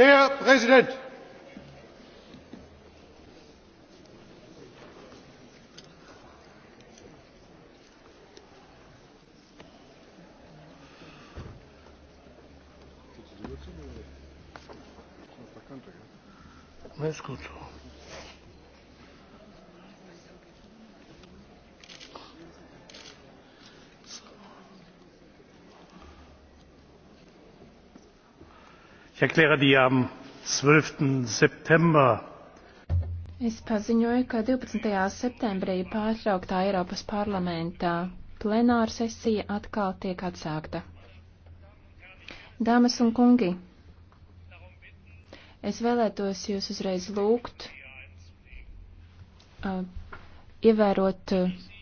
Der Präsident! Me escucho. Ich erkläre die am 12. September Es paziņoju, ka 12. septembrī pārtrauktā Eiropas parlamentā plenāra sesija atkal tiek atsākta. Dāmas un kungi, es vēlētos jūs uzreiz lūgt, uh, ievērot uh,